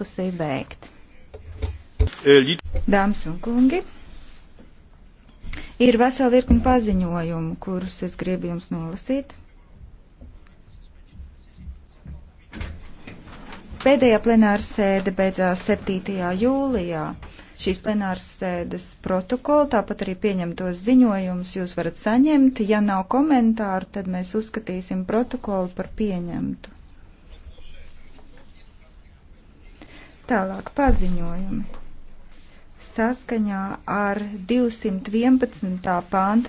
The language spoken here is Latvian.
diskusiju beigt. E, Dāmas un kungi, ir vesela virkni paziņojumu, kurus es gribu jums nolasīt. Pēdējā plenāra sēde beidzās 7. jūlijā. Šīs plenāras sēdes protokolu, tāpat arī pieņemtos ziņojumus jūs varat saņemt. Ja nav komentāru, tad mēs uzskatīsim protokolu par pieņemtu. Tālāk paziņojumi. Saskaņā ar 211. pānta